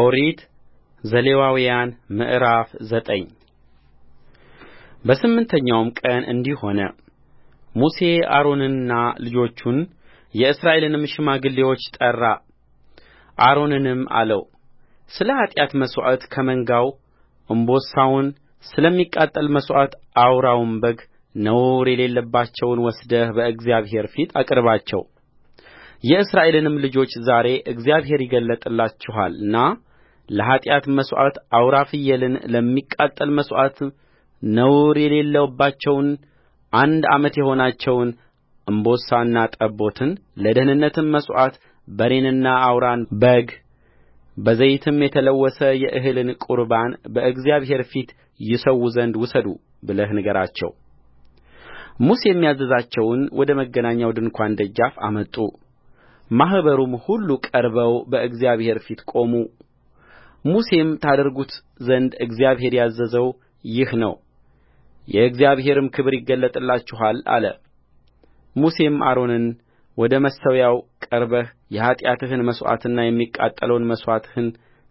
ኦሪት ዘሌዋውያን ምዕራፍ ዘጠኝ በስምንተኛውም ቀን እንዲህ ሆነ ሙሴ አሮንንና ልጆቹን የእስራኤልንም ሽማግሌዎች ጠራ አሮንንም አለው ስለ ኃጢአት መሥዋዕት ከመንጋው እምቦሳውን ስለሚቃጠል መሥዋዕት አውራውን በግ ነውር የሌለባቸውን ወስደህ በእግዚአብሔር ፊት አቅርባቸው የእስራኤልንም ልጆች ዛሬ እግዚአብሔር ይገለጥላችኋልና ለኃጢአት መሥዋዕት አውራ ፍየልን ለሚቃጠል መሥዋዕት ነውር የሌለባቸውን አንድ ዓመት የሆናቸውን እምቦሳና ጠቦትን ለደኅንነትም መሥዋዕት በሬንና አውራን በግ በዘይትም የተለወሰ የእህልን ቁርባን በእግዚአብሔር ፊት ይሠዉ ዘንድ ውሰዱ ብለህ ንገራቸው። ሙሴም ያዘዛቸውን ወደ መገናኛው ድንኳን ደጃፍ አመጡ። ማኅበሩም ሁሉ ቀርበው በእግዚአብሔር ፊት ቆሙ! ሙሴም ታደርጉት ዘንድ እግዚአብሔር ያዘዘው ይህ ነው የእግዚአብሔርም ክብር ይገለጥላችኋል አለ። ሙሴም አሮንን ወደ መሠዊያው ቀርበህ የኃጢአትህን መሥዋዕትና የሚቃጠለውን መሥዋዕትህን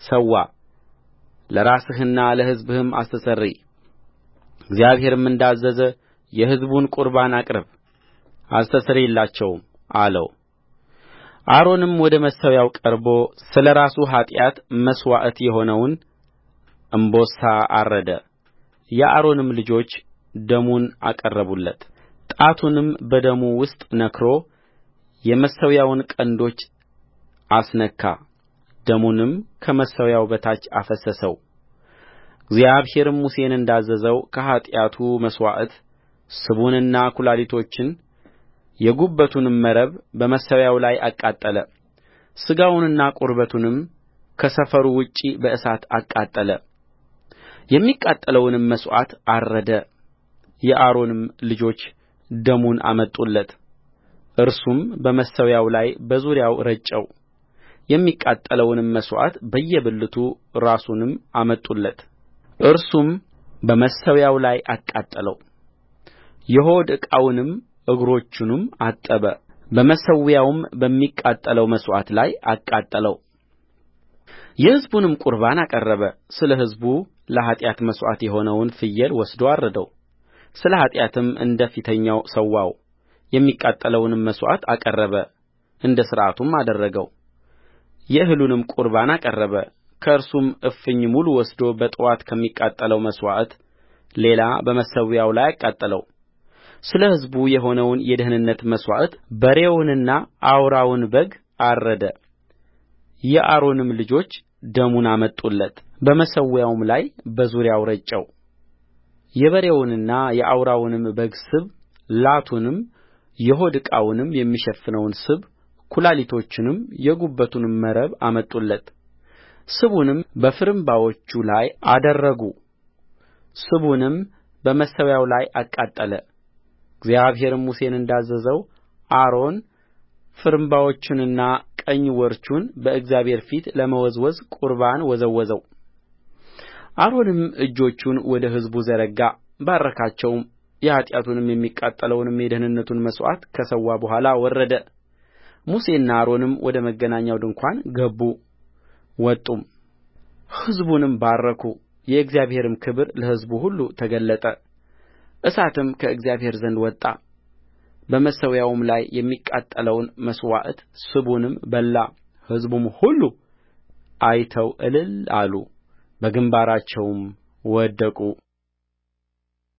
ሰዋ ለራስህና ለሕዝብህም አስተስርይ እግዚአብሔርም እንዳዘዘ የሕዝቡን ቁርባን አቅርብ አስተስርይላቸውም አለው አሮንም ወደ መሠዊያው ቀርቦ ስለ ራሱ ኃጢአት መሥዋዕት የሆነውን እምቦሳ አረደ የአሮንም ልጆች ደሙን አቀረቡለት ጣቱንም በደሙ ውስጥ ነክሮ የመሠዊያውን ቀንዶች አስነካ ደሙንም ከመሠዊያው በታች አፈሰሰው እግዚአብሔርም ሙሴን እንዳዘዘው ከኃጢአቱ መሥዋዕት ስቡንና ኵላሊቶቹን የጉበቱንም መረብ በመሠዊያው ላይ አቃጠለ ሥጋውንና ቁርበቱንም ከሰፈሩ ውጭ በእሳት አቃጠለየሚቃጠለውንም መሥዋዕት አረደ የአሮንም ልጆች ደሙን አመጡለት እርሱም በመሠዊያው ላይ በዙሪያው ረጨው የሚቃጠለውንም መሥዋዕት በየብልቱ ራሱንም አመጡለት እርሱም በመሠዊያው ላይ አቃጠለው የሆድ ዕቃውንም እግሮቹንም አጠበ በመሠዊያውም በሚቃጠለው መሥዋዕት ላይ አቃጠለው የሕዝቡንም ቍርባን አቀረበ ስለ ሕዝቡ ለኃጢአት መሥዋዕት የሆነውን ፍየል ወስዶ አረደው ስለ ኃጢአትም እንደ ፊተኛው ሠዋው የሚቃጠለውንም መሥዋዕት አቀረበ እንደ ሥርዓቱም አደረገው የእህሉንም ቍርባን አቀረበ ከእርሱም እፍኝ ሙሉ ወስዶ በጥዋት ከሚቃጠለው መሥዋዕት ሌላ በመሠዊያው ላይ አቃጠለው ስለ ሕዝቡ የሆነውን የደኅንነት መሥዋዕት በሬውንና አውራውን በግ አረደ የአሮንም ልጆች ደሙን አመጡለት በመሠዊያውም ላይ በዙሪያው ረጨው የበሬውንና የአውራውንም በግ ስብ ላቱንም የሆድ ዕቃውንም የሚሸፍነውን ስብ ኵላሊቶቹንም የጉበቱንም መረብ አመጡለት ስቡንም በፍርምባዎቹ ላይ አደረጉ ስቡንም በመሠዊያው ላይ አቃጠለ እግዚአብሔርም ሙሴን እንዳዘዘው አሮን ፍርምባዎቹንና ቀኝ ወርቹን በእግዚአብሔር ፊት ለመወዝወዝ ቁርባን ወዘወዘው። አሮንም እጆቹን ወደ ሕዝቡ ዘረጋ ባረካቸውም የኃጢአቱንም የሚቃጠለውንም የደኅንነቱን መሥዋዕት ከሠዋ በኋላ ወረደ ሙሴና አሮንም ወደ መገናኛው ድንኳን ገቡ ወጡም ሕዝቡንም ባረኩ የእግዚአብሔርም ክብር ለሕዝቡ ሁሉ ተገለጠ እሳትም ከእግዚአብሔር ዘንድ ወጣ በመሠዊያውም ላይ የሚቃጠለውን መሥዋዕት ስቡንም በላ ሕዝቡም ሁሉ አይተው እልል አሉ በግምባራቸውም ወደቁ